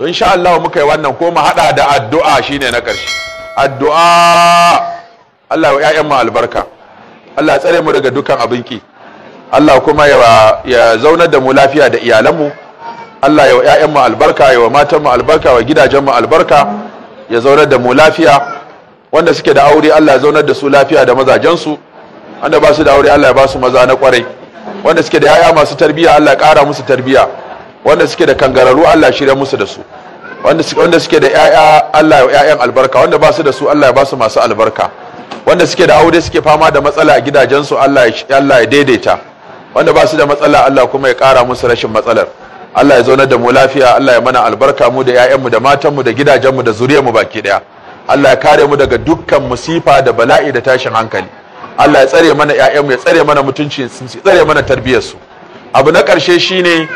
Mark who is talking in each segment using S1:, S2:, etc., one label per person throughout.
S1: in sha Allah muka yi wannan ko mu hada da addu'a shine na karshe addu'a Allah ya ƴaƴan mu albarka Allah ya tsare mu daga dukan abin ki Allah kuma ya ya zaunar da mu lafiya da iyalanmu Allah ya ƴaƴan mu albarka ya wa matan mu albarka wa gidajen mu albarka ya zaunar da mu lafiya wanda suke da aure Allah ya zaunar da su lafiya da mazajen su wanda ba su da aure Allah ya ba su maza na kwarai wanda suke da yaya masu tarbiyya Allah ya ƙara musu tarbiyya wanda suke da kangararu Allah shirya musu da su wanda suke da ya'ya Allah ya ya'yan albarka wanda ba su da su Allah ya ba su masu albarka wanda suke da aure suke fama da matsala a gidajensu Allah ya daidaita wanda ba su da matsala Allah kuma ya kara musu rashin matsalar Allah ya zaunar da mu lafiya Allah ya mana albarka mu da mu da matanmu da gidajenmu da mu baki daya Allah ya kare mu daga dukkan musifa da bala'i da tashin hankali Allah ya tsare mana mu ya tsare mana mutunci ya tsare mana tarbiyar su. abu na ƙarshe shine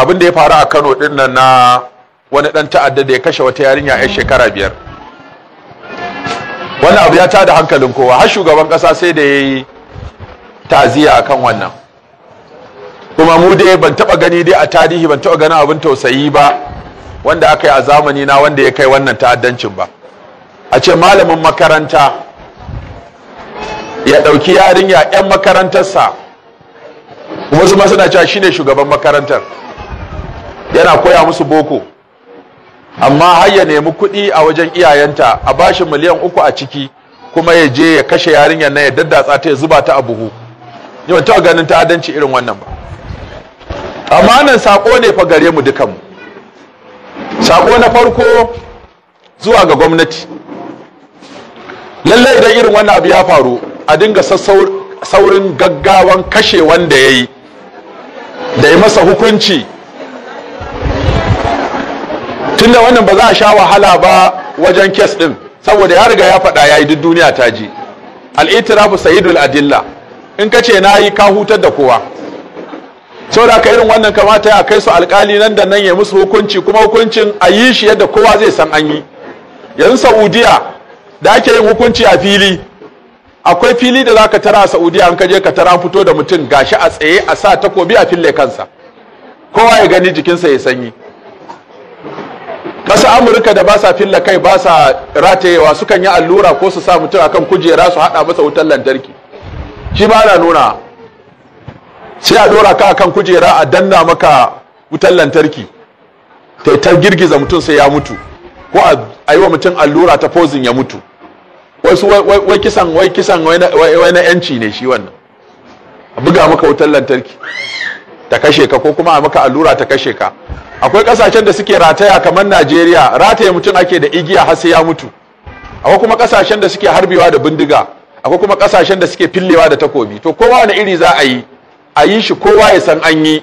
S1: abin da ya faru a Kano din nan na wani dan ta'adda da ya kashe wata yarinya 'yan shekara biyar wani abu ya ta da hankalin kowa har shugaban kasa sai da yayi taziya akan wannan kuma mu dai ban taba gani dai a tarihi ban taba ganin abin tausayi ba wanda aka yi a zamani na wanda ya kai wannan ta'addancin ba a ce malamin makaranta ya ɗauki yarinya 'yan makarantarsa kuma su ma suna cewa shine shugaban makarantar yana koya musu boko amma har ya nemi kuɗi a wajen iyayenta a bashi miliyan uku a ciki kuma ya je ya kashe yarinyar na ya daddatsa ta ya zuba ta a buhu yawan ta ganin ta adanci irin wannan ba amma nan sako ne fa gare mu dukanmu sako na farko zuwa ga gwamnati lallai idan irin wannan abu ya faru a dinga saurin gaggawan kashe wanda ya yi da ya masa hukunci illa wannan ba za a sha wahala ba wajen kes ɗin saboda ya riga ya faɗa ya yi duk duniya ta ji al-itirafu adilla in ka ce na yi ka hutar da kowa saboda ka irin wannan kamata ya kai su alkali nan da nan ya musu hukunci kuma hukuncin a yi shi yadda kowa zai san an yi yanzu saudiya da ake yin hukunci a fili akwai fili da zaka tara a saudiya an kaje ka tara fito da mutum gashi a tsaye a sa takobi a fille kansa kowa ya gani jikinsa ya sanyi kasa amurka da ba sa filla kai ba sa ratayewa sukan yi allura ko su sa mutum akan kujera su haɗa masa wutar lantarki shi ba na nuna sai a ɗora ka akan kujera a danna maka wutar lantarki ta ta girgiza mutum sai ya mutu ko a yi wa mutum allura ta pozin ya mutu wasu wai kisan wai kisan wai na yanci ne shi wannan a buga maka wutar lantarki ta kashe ka ko kuma a maka allura ta kashe ka akwai kasashen da suke rataya kamar Najeriya rataye mutum ake da igiya har sai ya mutu akwai kuma kasashen da suke harbewa da bindiga akwai kuma kasashen da suke fillewa da takobi to kowa wani iri za a yi a yi shi kowa ya san an yi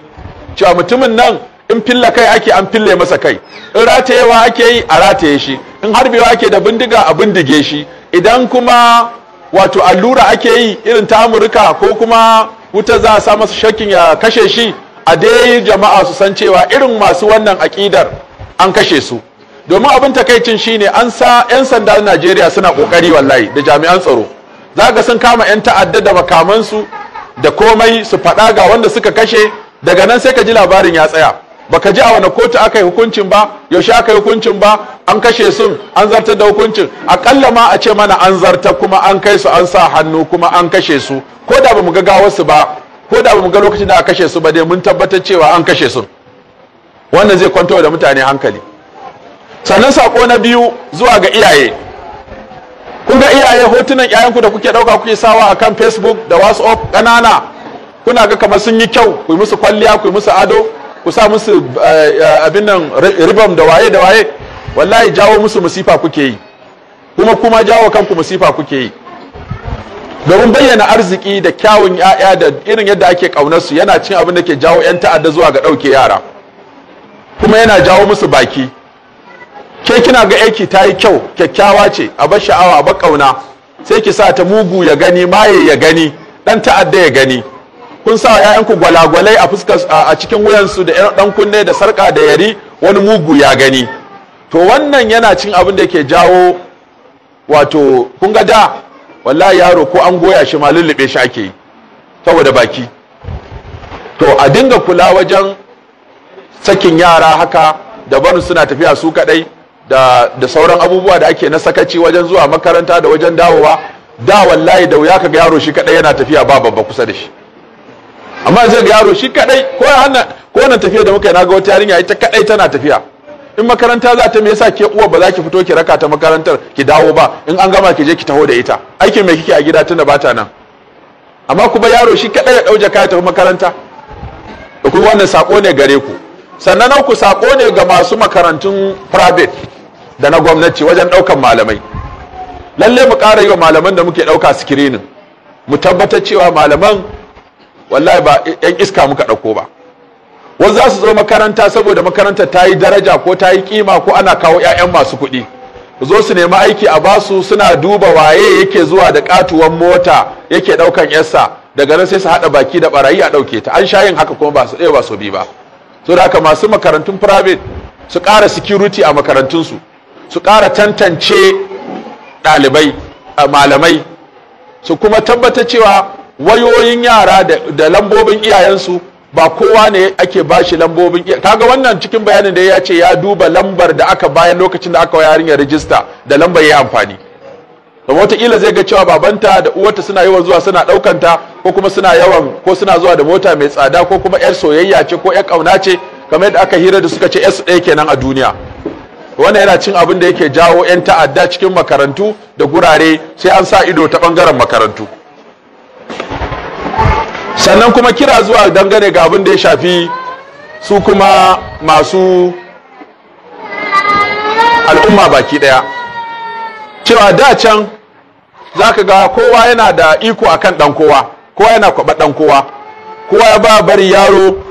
S1: cewa mutumin nan in fille kai ake an fille masa kai in ratayewa ake yi a rataye shi in harbewa ake da bindiga a bindige shi idan kuma wato allura ake yi irin ta amurka ko kuma wuta za a sa masa shakkin ya kashe shi a dai jama'a su san cewa irin masu wannan aƙidar an kashe su domin abin takaicin shine an sa 'yan sanda Najeriya suna kokari wallahi da jami'an tsaro za ka sun kama 'yan ta'adda da makamansu da komai su faɗa ga wanda suka kashe daga nan sai ka ji labarin ya tsaya baka ji a wani kotu aka yi hukuncin ba yaushe aka yi hukuncin ba an kashe sun an zartar da hukuncin akalla ma a ce mana an zarta kuma an kai su an sa hannu kuma an kashe su ko da bamu ga gawarsu ba ko da bamu ga lokacin da aka kashe su ba dai mun tabbatar cewa an kashe sun wannan zai kwanto da mutane hankali sannan sako na biyu zuwa ga iyaye kun ga iyaye hotunan 'ya'yanku da kuke ɗauka kuke sawa akan facebook da whatsapp kanana kuna ga kamar sun yi kyau ku yi musu kwalliya ku yi musu ado ku sa musu eh, eh, abin nan ribam da waye da waye wallahi jawo musu musifa kuke yi kuma kuma jawo kanku musifa kuke yi domin bayyana arziki da kyawun ya'ya da irin yadda ake kaunarsu yana cin abin da ke jawo 'yan ta'adda zuwa ga ɗauke yara kuma yana jawo musu baki ke kina ga aiki ta yi kyau kyakkyawa ce a bar sha'awa a bar ƙauna sai ki sa ta mugu ya gani maye ya gani ɗan ta'adda ya gani kun sa ‘ya'yanku gwalagwalai a fuskar a cikin wuyansu da ɗan kunne da sarƙa da yari wani mugu ya gani to wannan yana cin abin da ke jawo wato kun ga da wallahi yaro ko an goya shi ma lullube shi ake yi saboda baki to a dinga kula wajen sakin yara haka da barin suna tafiya su kadai da, da sauran abubuwa da ake na sakaci wajen zuwa makaranta da wajen dawowa da wallahi da wuya kaga yaro shi kadai yana tafiya ba babba kusa da shi amma zai ga yaro shi kadai ko hana ko nan tafiya da muka yi ga wata yarinya ita kadai tana tafiya in makaranta za ta me yasa ke uwa ba za ki fito ki raka ta makarantar ki dawo ba in an gama ki je ki taho da ita aikin mai kike a gida tunda bata nan amma kuma yaro shi kada ya dauje kaya ta makaranta da kuma wannan sako ne gare ku sannan ku sako ne ga masu makarantun private da na gwamnati wajen daukan malamai lalle mu ƙara yi wa malaman da muke dauka screening mu tabbatar cewa malaman wallahi ba yan iska muka dauko ba wasu za su zo makaranta saboda makaranta ta yi daraja ko ta yi kima ko ana kawo 'ya'yan masu kuɗi zo su nemi aiki a basu suna duba waye yake zuwa da katuwan mota yake ɗaukan yasa daga nan sai su haɗa baki da barayi a ɗauke ta an sha haka kuma ba su ɗaya ba su bi ba so da haka masu makarantun private su ƙara security a makarantunsu su ƙara tantance ɗalibai a malamai su kuma tabbata cewa wayoyin yara da lambobin iyayensu ba kowa ne ake bashi lambobin kaga wannan cikin bayanin da ya ce ya duba lambar da aka bayan lokacin da aka wa yarinya rijista da lambar ya amfani don wataƙila zai ga cewa babanta da uwarta suna yawan zuwa suna ɗaukanta ko kuma suna yawan ko suna zuwa da mota mai tsada ko kuma 'yar soyayya ce ko 'yar ƙauna ce kamar yadda aka hira da suka ce 'yarsu ɗaya kenan a duniya wannan yana cin abin da yake jawo 'yan ta'adda cikin makarantu da gurare sai an sa ido ta ɓangaren makarantu sannan kuma kira zuwa dangane ga abin da ya shafi su kuma masu al'umma baki daya cewa da can za ka ga kowa yana da iko akan dan kowa kowa yana kwaba dan kowa kowa ya ba bari yaro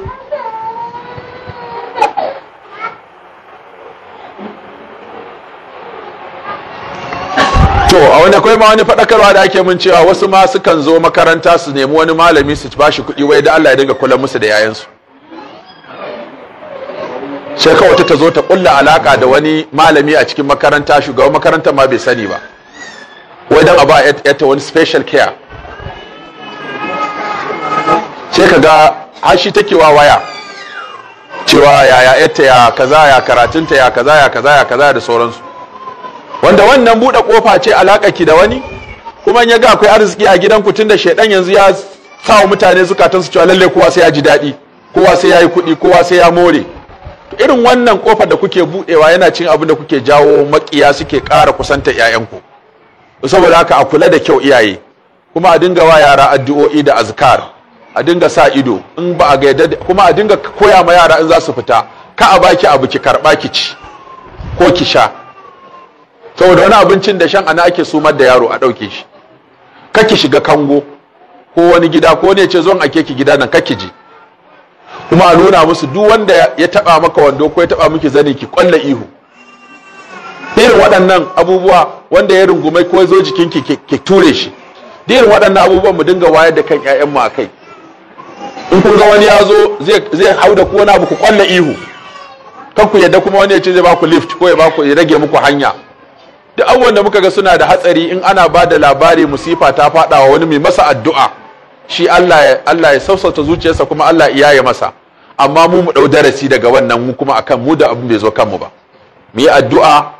S1: to a wani akwai ma wani faɗakarwa da ake mun cewa wasu ma sukan zo makaranta su nemi wani malami su ba shi kuɗi wai da Allah ya dinga kula musu da yayansu sai wata ta zo ta kulla alaka da wani malami a cikin makaranta shugaban makaranta ma bai sani ba wai dan a ba ta wani special care sheka ka ga har shi take wa waya cewa yaya yatta ya kaza ya karatunta ya kaza ya kaza ya kaza da sauransu wanda wannan buɗe ƙofa ce alaƙa ki da wani kuma in ya ga akwai arziki a gidanku tun da shaidan yanzu ya sa wa mutane zukatan su cewa lalle kowa sai ya ji daɗi kowa sai ya yi kuɗi kowa sai ya more irin wannan ƙofar da kuke buɗewa yana cin abin da kuke jawo maƙiya suke ƙara kusanta ƴaƴanku saboda haka a kula da kyau iyaye kuma a dinga wa yara addu'o'i da azkar a dinga sa ido in ba a gaida kuma a dinga koya ma yara in za su fita ka a baki abu ki karɓa ki ci ko ki sha saboda wani abincin da shan ana ake sumar da yaro a ɗauke shi kake shiga kango ko wani gida ko ne ce zuwan ake ki gida nan kake ji kuma a nuna musu duk wanda ya taɓa maka wando ko ya taɓa miki zani ki ƙwalla ihu irin waɗannan abubuwa wanda ya rungume ko ya zo jikinki ki ture shi irin waɗannan abubuwan mu dinga wayar da kan ƴaƴanmu a kai in kun ga wani ya zo zai hau da ku wani abu ku ƙwalla ihu kan ku yadda kuma wani ya ce zai ba ku lift ko ya ba ku ya rage muku hanya da awon da muka ga suna da hatsari in ana ba da labari musifa ta faɗawa wani mai masa addu'a shi Allah ya sausauta zuciyarsa kuma Allah ya yaye masa amma mu mu ɗau darasi daga wannan mu kuma akan mu da abin bai zo kanmu ba mu yi addu'a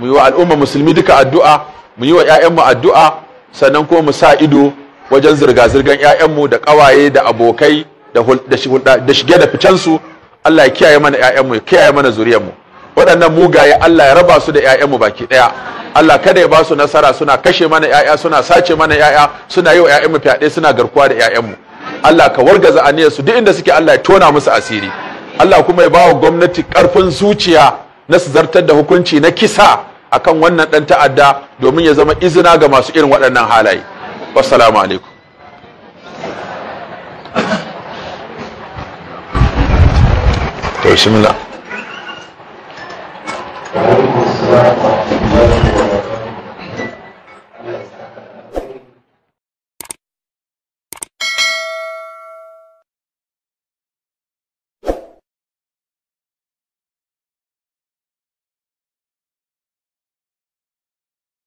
S1: mu yi wa al'umma musulmi duka addu'a mu yi wa 'ya'yanmu addu'a sannan kuma mu sa ido wajen zirga-zirgan 'ya'yanmu da kawaye da abokai da shige da ficensu Allah ya kiyaye mana 'ya'yanmu ya kiyaye mana zuriyarmu waɗannan mugaye Allah ya raba su da 'ya'yanmu baki ɗaya Allah kada ya ba su nasara suna kashe mana 'ya'ya suna sace mana 'ya'ya suna yi wa 'ya'yanmu fyaɗe suna garkuwa da 'ya'yanmu Allah ka wargaza aniyar su duk inda suke Allah ya tona musu asiri Allah kuma ya ba wa gwamnati ƙarfin zuciya na su zartar da hukunci na kisa akan wannan ɗan ta'adda domin ya zama izina ga masu irin waɗannan halaye wassalamu alaikum Thank you.